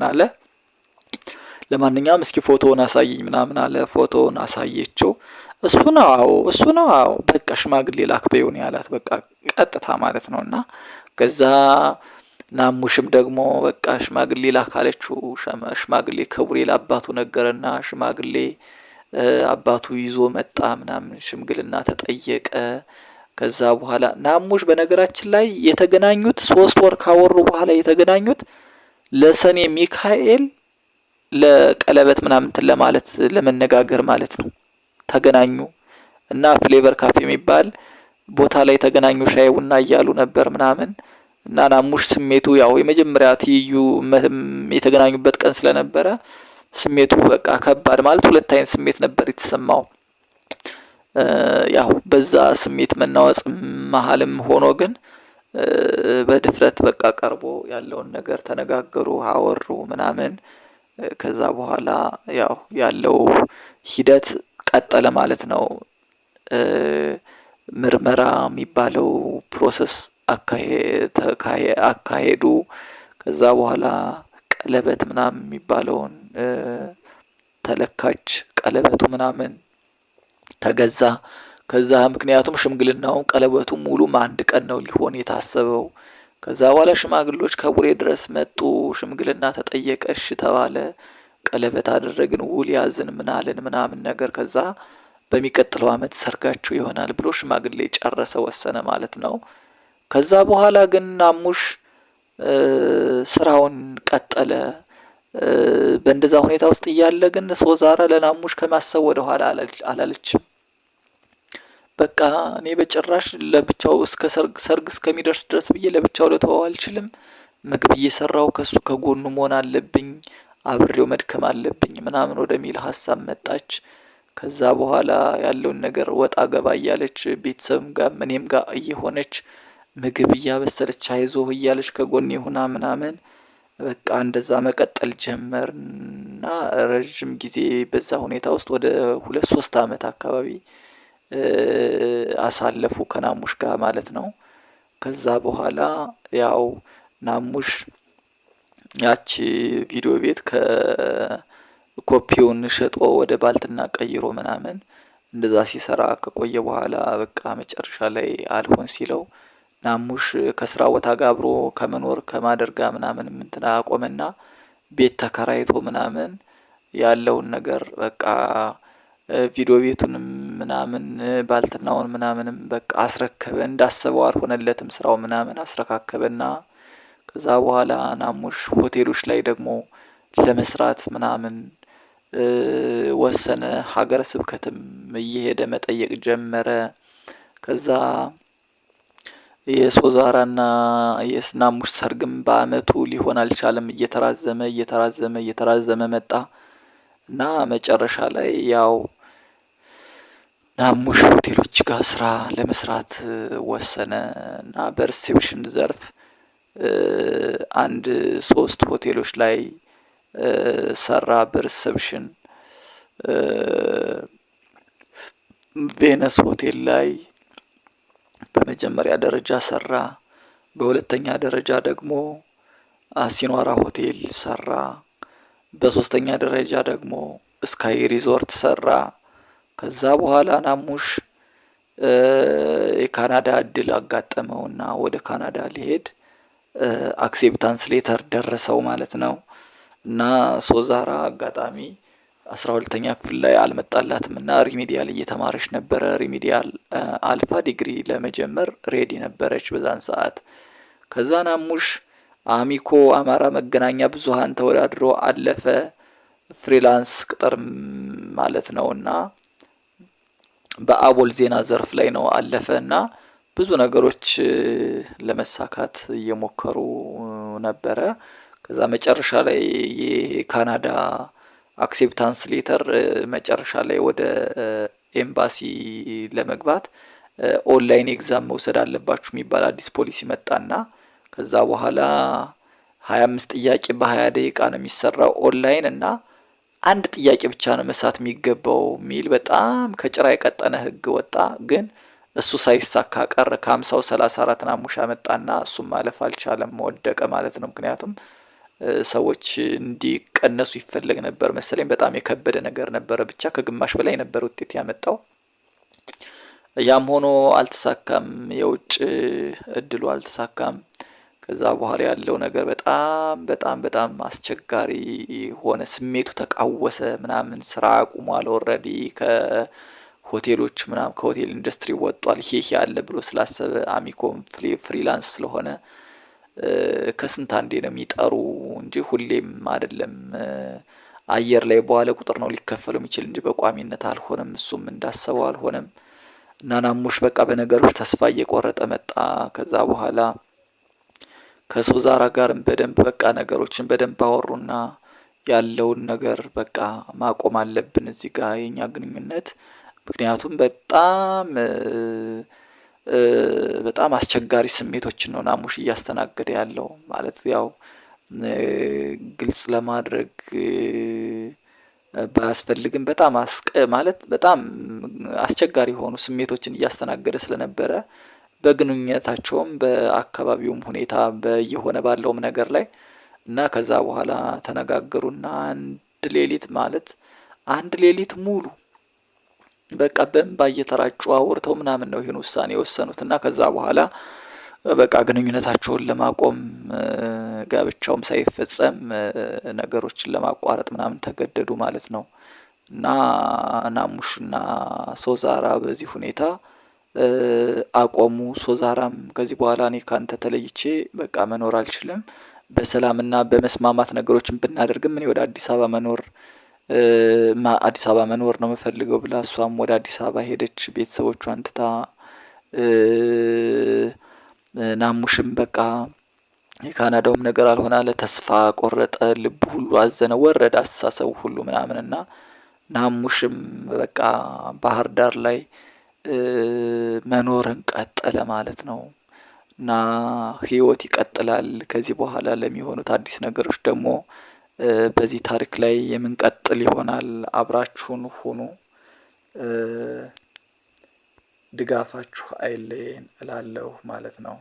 ምናምን አለ። ለማንኛውም እስኪ ፎቶውን አሳየኝ ምናምን አለ። ፎቶውን አሳየችው። እሱ ነው አዎ፣ እሱ ነው አዎ፣ በቃ ሽማግሌ ላክ ያላት በቃ ቀጥታ ማለት ነው። እና ከዛ ናሙሽም ደግሞ በቃ ሽማግሌ ላክ አለችው። ሽማግሌ ክቡሬ ለአባቱ ነገረና ሽማግሌ አባቱ ይዞ መጣ ምናምን ሽምግልና ተጠየቀ። ከዛ በኋላ ናሙሽ በነገራችን ላይ የተገናኙት ሶስት ወር ካወሩ በኋላ የተገናኙት ለሰኔ ሚካኤል ለቀለበት ምናምንትን ለማለት ለመነጋገር ማለት ነው ተገናኙ እና ፍሌቨር ካፌ የሚባል ቦታ ላይ ተገናኙ ሻይ ቡና እያሉ ነበር ምናምን እና ናሙሽ ስሜቱ ያው የመጀመሪያ ትይዩ የተገናኙበት ቀን ስለነበረ ስሜቱ በቃ ከባድ ማለት ሁለት አይነት ስሜት ነበር የተሰማው። ያው በዛ ስሜት መናወጽ መሀልም ሆኖ ግን በድፍረት በቃ ቀርቦ ያለውን ነገር ተነጋገሩ፣ አወሩ ምናምን። ከዛ በኋላ ያው ያለው ሂደት ቀጠለ ማለት ነው። ምርመራ የሚባለው ፕሮሰስ አካሄዱ። ከዛ በኋላ ቀለበት ምናምን የሚባለውን ተለካች። ቀለበቱ ምናምን ተገዛ። ከዛ ምክንያቱም ሽምግልናውን ቀለበቱ ሙሉም አንድ ቀን ነው ሊሆን የታሰበው። ከዛ በኋላ ሽማግሎች ከቡሬ ድረስ መጡ። ሽምግልና ተጠየቀ፣ ተባለ። ቀለበት አደረግን፣ ውል ያዝን፣ ምናልን ምናምን ነገር። ከዛ በሚቀጥለው አመት ሰርጋችሁ ይሆናል ብሎ ሽማግሌ ጨረሰ፣ ወሰነ ማለት ነው። ከዛ በኋላ ግን ናሙሽ ስራውን ቀጠለ። በእንደዛ ሁኔታ ውስጥ እያለ ግን ሶዛራ ለናሙሽ ከማሰብ ወደኋላ አላለችም። በቃ እኔ በጭራሽ ለብቻው እስከ ሰርግ እስከሚደርስ ድረስ ብዬ ለብቻው ልተወው አልችልም። ምግብ እየሰራው ከሱ ከጎኑ መሆን አለብኝ፣ አብሬው መድከም አለብኝ ምናምን ወደሚል ሀሳብ መጣች። ከዛ በኋላ ያለውን ነገር ወጣ ገባ እያለች ቤተሰብም ጋር እኔም ጋር እየሆነች ምግብ እያበሰለች አይዞህ እያለች ከጎን ሁና ምናምን በቃ እንደዛ መቀጠል ጀመርና ረዥም ጊዜ በዛ ሁኔታ ውስጥ ወደ ሁለት ሶስት አመት አካባቢ አሳለፉ ከናሙሽ ጋር ማለት ነው። ከዛ በኋላ ያው ናሙሽ ያቺ ቪዲዮ ቤት ከኮፒውን ሸጦ ወደ ባልትና ቀይሮ ምናምን እንደዛ ሲሰራ ከቆየ በኋላ በቃ መጨረሻ ላይ አልሆን ሲለው ናሙሽ ከስራ ቦታ ጋር አብሮ ከመኖር ከማደርጋ ምናምን ምንትና አቆመና ቤት ተከራይቶ ምናምን ያለውን ነገር በቃ ቪዲዮ ቤቱንም ምናምን ባልትናውን ምናምንም በቃ አስረከበ። እንዳሰበው አልሆነለትም ስራው ምናምን አስረካከበና ከዛ በኋላ ናሙሽ ሆቴሎች ላይ ደግሞ ለመስራት ምናምን ወሰነ። ሀገረ ስብከትም እየሄደ መጠየቅ ጀመረ። ከዛ የሶዛራና የናሙሽ ሰርግም በአመቱ ሊሆን አልቻለም። እየተራዘመ እየተራዘመ እየተራዘመ መጣ እና መጨረሻ ላይ ያው ናሙሽ ሆቴሎች ጋር ስራ ለመስራት ወሰነ እና በሪሴፕሽን ዘርፍ አንድ ሶስት ሆቴሎች ላይ ሰራ። በሪሴፕሽን ቬነስ ሆቴል ላይ በመጀመሪያ ደረጃ ሰራ። በሁለተኛ ደረጃ ደግሞ አሲኗራ ሆቴል ሰራ። በሶስተኛ ደረጃ ደግሞ ስካይ ሪዞርት ሰራ። ከዛ በኋላ ናሙሽ የካናዳ እድል አጋጠመውና ወደ ካናዳ ሊሄድ አክሴፕታንስ ሌተር ደረሰው ማለት ነው። እና ሶዛራ አጋጣሚ አስራ ሁለተኛ ክፍል ላይ አልመጣላትም እና ሪሚዲያል እየተማረች ነበረ። ሪሚዲያል አልፋ ዲግሪ ለመጀመር ሬዲ ነበረች በዛን ሰዓት። ከዛ ናሙሽ አሚኮ አማራ መገናኛ ብዙሃን ተወዳድሮ አለፈ። ፍሪላንስ ቅጥር ማለት ነው እና በአቦል ዜና ዘርፍ ላይ ነው አለፈ እና ብዙ ነገሮች ለመሳካት እየሞከሩ ነበረ። ከዛ መጨረሻ ላይ የካናዳ አክሴፕታንስ ሌተር መጨረሻ ላይ ወደ ኤምባሲ ለመግባት ኦንላይን ኤግዛም መውሰድ አለባችሁ የሚባል አዲስ ፖሊሲ መጣና ከዛ በኋላ ሀያ አምስት ጥያቄ በሀያ ደቂቃ ነው የሚሰራው ኦንላይን እና አንድ ጥያቄ ብቻ ነው መሳት የሚገባው የሚል በጣም ከጭራ የቀጠነ ህግ ወጣ። ግን እሱ ሳይሳካ ቀር ከሀምሳው ሰላሳ አራት ናሙሻ መጣና እሱም ማለፍ አልቻለም፣ መወደቀ ማለት ነው። ምክንያቱም ሰዎች እንዲቀነሱ ይፈለግ ነበር መሰለኝ። በጣም የከበደ ነገር ነበረ። ብቻ ከግማሽ በላይ ነበር ውጤት ያመጣው። ያም ሆኖ አልተሳካም። የውጭ እድሉ አልተሳካም። ከዛ በኋላ ያለው ነገር በጣም በጣም በጣም አስቸጋሪ ሆነ። ስሜቱ ተቃወሰ ምናምን ስራ አቁሟል። ኦልሬዲ ከሆቴሎች ምናምን ከሆቴል ኢንዱስትሪ ወጧል። ይሄ ያለ ብሎ ስላሰበ አሚኮም ፍሪላንስ ስለሆነ ከስንት አንዴ ነው የሚጠሩ እንጂ ሁሌም አይደለም። አየር ላይ በኋላ ቁጥር ነው ሊከፈሉ የሚችል እንጂ በቋሚነት አልሆነም። እሱም እንዳሰበው አልሆነም እና ናሙሽ በቃ በነገሮች ተስፋ እየቆረጠ መጣ። ከዛ በኋላ ከሱዛራ ጋርም በደንብ በቃ ነገሮችን በደንብ አወሩና ያለውን ነገር በቃ ማቆም አለብን እዚህ ጋር የኛ ግንኙነት ምክንያቱም በጣም በጣም አስቸጋሪ ስሜቶችን ነው ናሙሽ እያስተናገደ ያለው ማለት ያው ግልጽ ለማድረግ ባያስፈልግም በጣም አስቀ ማለት በጣም አስቸጋሪ የሆኑ ስሜቶችን እያስተናገደ ስለነበረ በግንኙነታቸውም በአካባቢውም ሁኔታ በየሆነ ባለውም ነገር ላይ እና ከዛ በኋላ ተነጋገሩና አንድ ሌሊት ማለት አንድ ሌሊት ሙሉ በቃ በእንባ እየተራጩ አውርተው ምናምን ነው ይህን ውሳኔ የወሰኑት እና ከዛ በኋላ በቃ ግንኙነታቸውን ለማቆም ጋብቻውም ሳይፈጸም ነገሮችን ለማቋረጥ ምናምን ተገደዱ ማለት ነው እና ናሙሽና ሶዛራ በዚህ ሁኔታ አቆሙ። ሶዛራም ከዚህ በኋላ እኔ ካንተ ተለይቼ በቃ መኖር አልችልም፣ በሰላምና በመስማማት ነገሮችን ብናደርግም እኔ ወደ አዲስ አበባ መኖር አዲስ አበባ መኖር ነው የምፈልገው ብላ እሷም ወደ አዲስ አበባ ሄደች። ቤተሰቦቿን ትታ ናሙሽም በቃ የካናዳውም ነገር አልሆነ አለ። ተስፋ ቆረጠ። ልቡ ሁሉ አዘነ፣ ወረደ አስተሳሰቡ ሁሉ ምናምንና ናሙሽም በቃ ባህር ዳር ላይ መኖርን ቀጠለ ማለት ነው እና ህይወት ይቀጥላል። ከዚህ በኋላ ለሚሆኑት አዲስ ነገሮች ደግሞ በዚህ ታሪክ ላይ የምንቀጥል ይሆናል። አብራችሁን ሁኑ። ድጋፋችሁ አይለየን እላለሁ ማለት ነው።